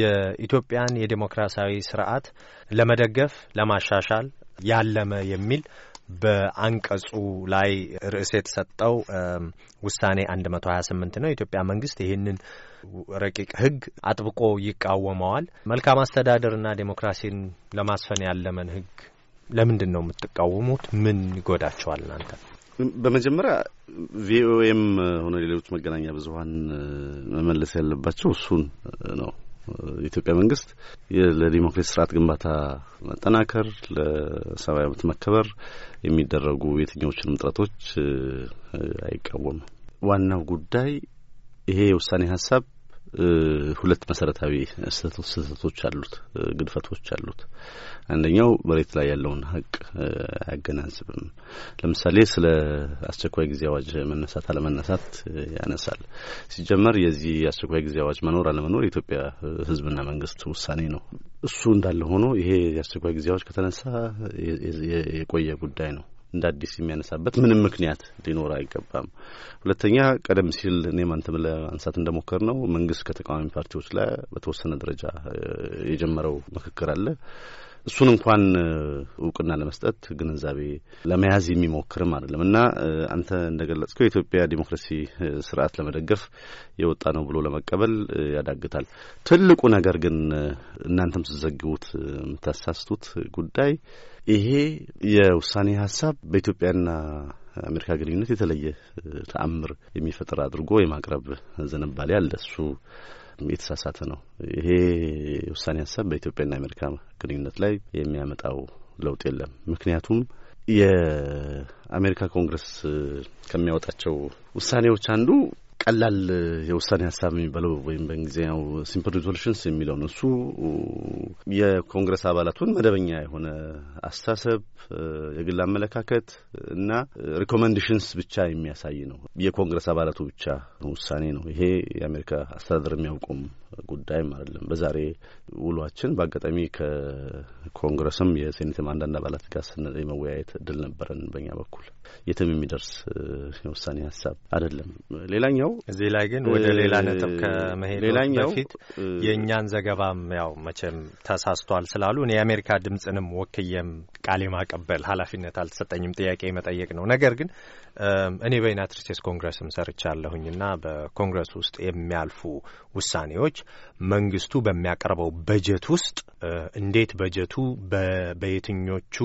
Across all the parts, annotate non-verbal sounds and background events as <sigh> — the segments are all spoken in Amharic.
የኢትዮጵያን የዴሞክራሲያዊ ስርዓት ለመደገፍ ለማሻሻል ያለመ የሚል በአንቀጹ ላይ ርዕስ የተሰጠው ውሳኔ 128 ነው። የኢትዮጵያ መንግስት ይህንን ረቂቅ ህግ አጥብቆ ይቃወመዋል። መልካም አስተዳደርና ዴሞክራሲን ለማስፈን ያለመን ህግ ለምንድን ነው የምትቃወሙት? ምን ይጎዳቸዋል እናንተ? በመጀመሪያ ቪኦኤም ሆነ ሌሎች መገናኛ ብዙሀን መመለስ ያለባቸው እሱን ነው። የኢትዮጵያ መንግስት ለዲሞክራሲ ስርዓት ግንባታ መጠናከር፣ ለሰብአዊ መብት መከበር የሚደረጉ የትኛዎችንም ጥረቶች አይቃወምም። ዋናው ጉዳይ ይሄ የውሳኔ ሀሳብ ሁለት መሰረታዊ ስህተቶች አሉት፣ ግድፈቶች አሉት። አንደኛው መሬት ላይ ያለውን ሀቅ አያገናዝብም። ለምሳሌ ስለ አስቸኳይ ጊዜ አዋጅ መነሳት አለመነሳት ያነሳል። ሲጀመር የዚህ የአስቸኳይ ጊዜ አዋጅ መኖር አለመኖር የኢትዮጵያ ሕዝብና መንግስት ውሳኔ ነው። እሱ እንዳለ ሆኖ ይሄ የአስቸኳይ ጊዜ አዋጅ ከተነሳ የቆየ ጉዳይ ነው። እንደ አዲስ የሚያነሳበት ምንም ምክንያት ሊኖር አይገባም። ሁለተኛ ቀደም ሲል እኔም አንተም ለማንሳት እንደሞከር ነው መንግስት ከተቃዋሚ ፓርቲዎች ላይ በተወሰነ ደረጃ የጀመረው ምክክር አለ። እሱን እንኳን እውቅና ለመስጠት ግንዛቤ ለመያዝ የሚሞክርም አይደለም እና አንተ ገለጽከው የኢትዮጵያ ዲሞክራሲ ስርዓት ለመደገፍ የወጣ ነው ብሎ ለመቀበል ያዳግታል። ትልቁ ነገር ግን እናንተም ስትዘግቡት የምታሳስቱት ጉዳይ ይሄ የውሳኔ ሀሳብ በኢትዮጵያና አሜሪካ ግንኙነት የተለየ ተአምር የሚፈጥር አድርጎ የማቅረብ ዝንባሌ አለ። እሱ የተሳሳተ ነው። ይሄ ውሳኔ ሀሳብ በኢትዮጵያና አሜሪካ ግንኙነት ላይ የሚያመጣው ለውጥ የለም። ምክንያቱም የአሜሪካ ኮንግረስ ከሚያወጣቸው ውሳኔዎች አንዱ ቀላል የውሳኔ ሀሳብ የሚባለው ወይም በእንግሊዝኛው ሲምፕል ሪዞሉሽንስ የሚለው ነው። እሱ የኮንግረስ አባላቱን መደበኛ የሆነ አስተሳሰብ፣ የግል አመለካከት እና ሪኮመንዴሽንስ ብቻ የሚያሳይ ነው። የኮንግረስ አባላቱ ብቻ ውሳኔ ነው። ይሄ የአሜሪካ አስተዳደር የሚያውቁም ጉዳይም አይደለም። በዛሬ ውሏችን በአጋጣሚ ከኮንግረስም የሴኔትም አንዳንድ አባላት ጋር ስን የመወያየት እድል ነበረን። በእኛ በኩል የትም የሚደርስ የውሳኔ ሀሳብ አይደለም። ሌላኛው እዚህ ላይ ግን ወደ ሌላ ነጥብ ከመሄድ በፊት የእኛን ዘገባም ያው መቼም ተሳስቷል ስላሉ እኔ የአሜሪካ ድምጽንም ወክየም ቃሌ ማቀበል ኃላፊነት አልተሰጠኝም። ጥያቄ መጠየቅ ነው። ነገር ግን እኔ በዩናይትድ ስቴትስ ኮንግረስም ሰርቻለሁኝ እና በኮንግረስ ውስጥ የሚያልፉ ውሳኔዎች መንግስቱ በሚያቀርበው በጀት ውስጥ እንዴት በጀቱ በየትኞቹ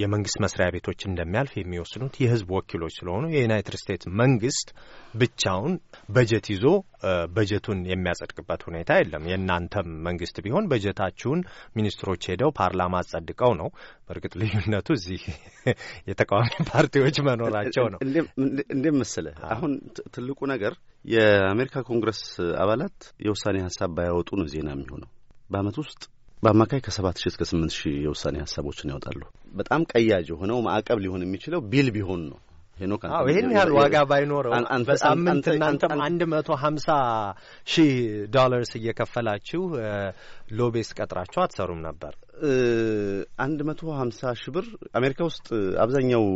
የመንግስት መስሪያ ቤቶች እንደሚያልፍ የሚወስኑት የህዝብ ወኪሎች ስለሆኑ የዩናይትድ ስቴትስ መንግስት ብቻውን በጀት ይዞ በጀቱን የሚያጸድቅበት ሁኔታ የለም። የእናንተም መንግስት ቢሆን በጀታችሁን ሚኒስትሮች ሄደው ፓርላማ አጸድቀው ነው። በእርግጥ ልዩነቱ እዚህ <laughs> የተቃዋሚ ፓርቲዎች መኖራቸው ነው። እንዴም መሰለህ አሁን ትልቁ ነገር የአሜሪካ ኮንግረስ አባላት የውሳኔ ሀሳብ ባያወጡ ነው ዜና የሚሆነው በአመት ውስጥ በአማካይ ከሰባት ሺህ እስከ ስምንት ሺህ የውሳኔ ሀሳቦችን ያወጣሉ። በጣም ቀያጅ የሆነው ማዕቀብ ሊሆን የሚችለው ቢል ቢሆን ነው። ይህን ያህል ዋጋ ባይኖረው በሳምንት እናንተም አንድ መቶ ሀምሳ ሺህ ዶላርስ እየከፈላችሁ ሎቤስ ቀጥራችሁ አትሰሩም ነበር። አንድ መቶ ሀምሳ ሺህ ብር አሜሪካ ውስጥ አብዛኛው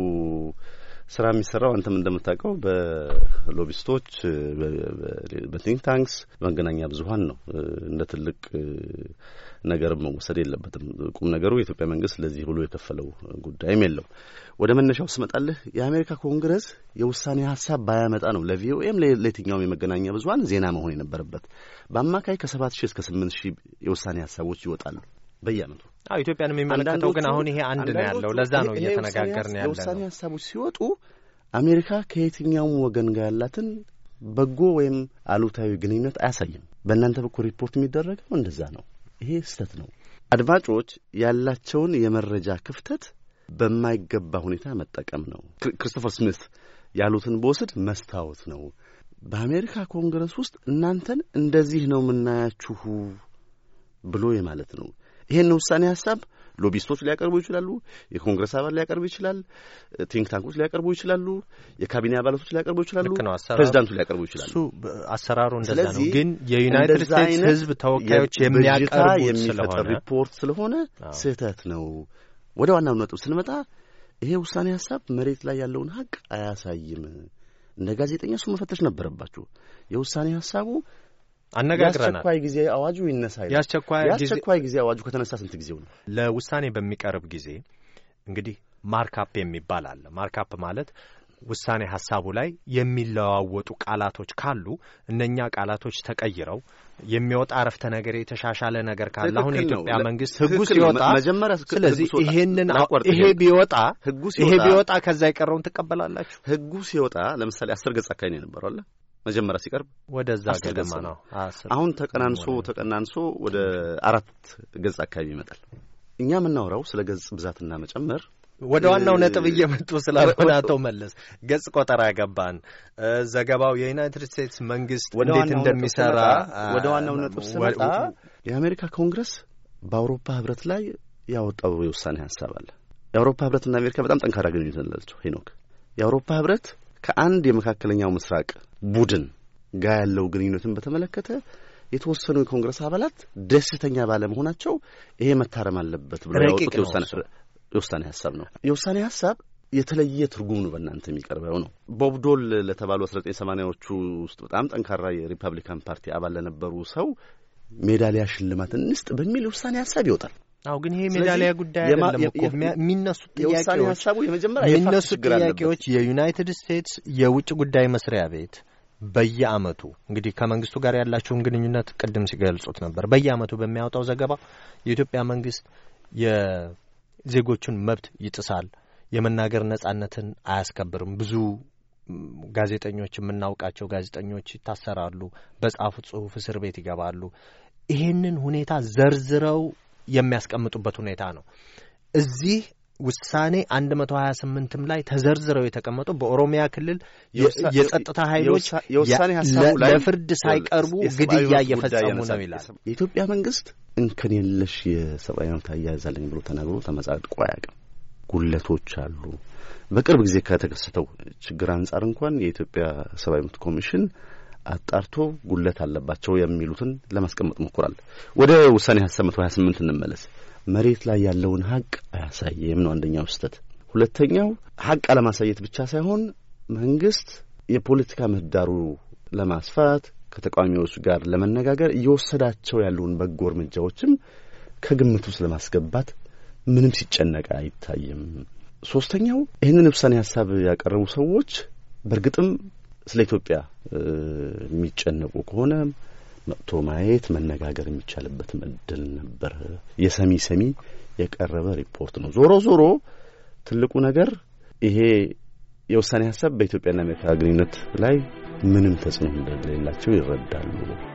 ስራ የሚሰራው አንተም እንደምታውቀው በሎቢስቶች፣ በቲንክ ታንክስ፣ መገናኛ ብዙሀን ነው። እንደ ትልቅ ነገር መወሰድ የለበትም። ቁም ነገሩ የኢትዮጵያ መንግስት ለዚህ ብሎ የከፈለው ጉዳይም የለው። ወደ መነሻው ስመጣልህ የአሜሪካ ኮንግረስ የውሳኔ ሀሳብ ባያመጣ ነው ለቪኦኤም ለየትኛውም የመገናኛ ብዙሀን ዜና መሆን የነበረበት። በአማካይ ከሰባት ሺህ እስከ ስምንት ሺህ የውሳኔ ሀሳቦች ይወጣሉ በየአመቱ አዎ ኢትዮጵያን የሚመለከተው ግን አሁን ይሄ አንድ ነው ያለው። ለዛ ነው እየተነጋገርን ያለ የውሳኔ ሀሳቦች ሲወጡ አሜሪካ ከየትኛውም ወገን ጋር ያላትን በጎ ወይም አሉታዊ ግንኙነት አያሳይም። በእናንተ በኩል ሪፖርት የሚደረገው እንደዛ ነው። ይሄ ስህተት ነው። አድማጮች ያላቸውን የመረጃ ክፍተት በማይገባ ሁኔታ መጠቀም ነው። ክሪስቶፈር ስሚት ያሉትን በወስድ መስታወት ነው። በአሜሪካ ኮንግረስ ውስጥ እናንተን እንደዚህ ነው የምናያችሁ ብሎ የማለት ነው። ይህን ውሳኔ ሀሳብ ሎቢስቶች ሊያቀርቡ ይችላሉ። የኮንግረስ አባል ሊያቀርቡ ይችላል። ቲንክ ታንኮች ሊያቀርቡ ይችላሉ። የካቢኔ አባላቶች ሊያቀርቡ ይችላሉ። ፕሬዚዳንቱ ሊያቀርቡ ይችላሉ። እሱ አሰራሩ እንደዛ ነው። ግን የዩናይትድ ስቴትስ ሕዝብ ተወካዮች የሚያቀርቡ የሚፈጠር ሪፖርት ስለሆነ ስህተት ነው። ወደ ዋና ነጥብ ስንመጣ ይሄ ውሳኔ ሀሳብ መሬት ላይ ያለውን ሀቅ አያሳይም። እንደ ጋዜጠኛ እሱ መፈተሽ ነበረባችሁ። የውሳኔ ሀሳቡ አነጋግረናል። የአስቸኳይ ጊዜ አዋጁ ይነሳ ይላል። የአስቸኳይ ጊዜ አዋጁ ከተነሳ ስንት ጊዜው ነው? ለውሳኔ በሚቀርብ ጊዜ እንግዲህ ማርካፕ የሚባል አለ። ማርካፕ ማለት ውሳኔ ሀሳቡ ላይ የሚለዋወጡ ቃላቶች ካሉ እነኛ ቃላቶች ተቀይረው የሚወጣ አረፍተ ነገር የተሻሻለ ነገር ካለ አሁን የኢትዮጵያ መንግስት ህጉ ሲወጣ ስለዚህ ይሄንን ይሄ ቢወጣ ይሄ ቢወጣ ከዛ የቀረውን ትቀበላላችሁ። ህጉ ሲወጣ ለምሳሌ አስር ገጽ አካባቢ ነው የነበረው አለ መጀመሪያ ሲቀርብ ወደዛ ገደማ ነው። አሁን ተቀናንሶ ተቀናንሶ ወደ አራት ገጽ አካባቢ ይመጣል። እኛ የምናወራው ስለ ገጽ ብዛትና መጨመር ወደ ዋናው ነጥብ እየመጡ ስላልሆነ አቶ መለስ ገጽ ቆጠራ ገባን። ዘገባው የዩናይትድ ስቴትስ መንግስት እንዴት እንደሚሰራ ወደ ዋናው ነጥብ ስመጣ የአሜሪካ ኮንግረስ በአውሮፓ ህብረት ላይ ያወጣው የውሳኔ ሀሳብ አለ። የአውሮፓ ህብረትና አሜሪካ በጣም ጠንካራ ግንኙነት አላቸው። ሄኖክ የአውሮፓ ህብረት ከአንድ የመካከለኛው ምስራቅ ቡድን ጋር ያለው ግንኙነትን በተመለከተ የተወሰኑ የኮንግረስ አባላት ደስተኛ ባለመሆናቸው ይሄ መታረም አለበት ብሎ ያወጡት የውሳኔ ሀሳብ ነው። የውሳኔ ሀሳብ የተለየ ትርጉም ነው በእናንተ የሚቀርበው ነው። ቦብ ዶል ለተባሉ አስራ ዘጠኝ ሰማኒያዎቹ ውስጥ በጣም ጠንካራ የሪፐብሊካን ፓርቲ አባል ለነበሩ ሰው ሜዳሊያ ሽልማት እንስጥ በሚል የውሳኔ ሀሳብ ይወጣል። አሁ ግን ይሄ ሜዳሊያ ጉዳይ አይደለም እኮ የሚነሱት ጥያቄዎች የሚነሱት ጥያቄዎች የዩናይትድ ስቴትስ የውጭ ጉዳይ መስሪያ ቤት በየአመቱ እንግዲህ ከመንግስቱ ጋር ያላቸውን ግንኙነት ቅድም ሲገልጹት ነበር። በየአመቱ በሚያወጣው ዘገባ የኢትዮጵያ መንግስት የዜጎቹን መብት ይጥሳል፣ የመናገር ነጻነትን አያስከብርም፣ ብዙ ጋዜጠኞች የምናውቃቸው ጋዜጠኞች ይታሰራሉ፣ በጻፉት ጽሁፍ እስር ቤት ይገባሉ። ይሄንን ሁኔታ ዘርዝረው የሚያስቀምጡበት ሁኔታ ነው። እዚህ ውሳኔ ሀያ ስምንትም ላይ ተዘርዝረው የተቀመጡ በኦሮሚያ ክልል የጸጥታ ኃይሎች ለፍርድ ሳይቀርቡ ግድያ እየፈጸሙ ነው ይላል። የኢትዮጵያ መንግስት እንከን የለሽ የሰብአዊ መብት አያያዛለኝ ብሎ ተናግሮ ተመጻድቆ አያውቅም። ጉለቶች አሉ። በቅርብ ጊዜ ከተከሰተው ችግር አንጻር እንኳን የኢትዮጵያ ሰብአዊ መብት ኮሚሽን አጣርቶ ጉለት አለባቸው የሚሉትን ለማስቀመጥ ሞክሯል። ወደ ውሳኔ ሀሳብ መቶ ሀያ ስምንት እንመለስ። መሬት ላይ ያለውን ሀቅ አያሳይም ነው አንደኛው ስህተት። ሁለተኛው ሀቅ አለማሳየት ብቻ ሳይሆን መንግስት የፖለቲካ ምህዳሩ ለማስፋት ከተቃዋሚዎች ጋር ለመነጋገር እየወሰዳቸው ያለውን በጎ እርምጃዎችም ከግምት ውስጥ ለማስገባት ምንም ሲጨነቅ አይታይም። ሶስተኛው ይህንን ውሳኔ ሀሳብ ያቀረቡ ሰዎች በእርግጥም ስለ ኢትዮጵያ የሚጨነቁ ከሆነ መጥቶ ማየት መነጋገር የሚቻልበት እድል ነበር። የሰሚ ሰሚ የቀረበ ሪፖርት ነው። ዞሮ ዞሮ ትልቁ ነገር ይሄ የውሳኔ ሀሳብ በኢትዮጵያና አሜሪካ ግንኙነት ላይ ምንም ተጽዕኖ እንደሌላቸው ይረዳሉ።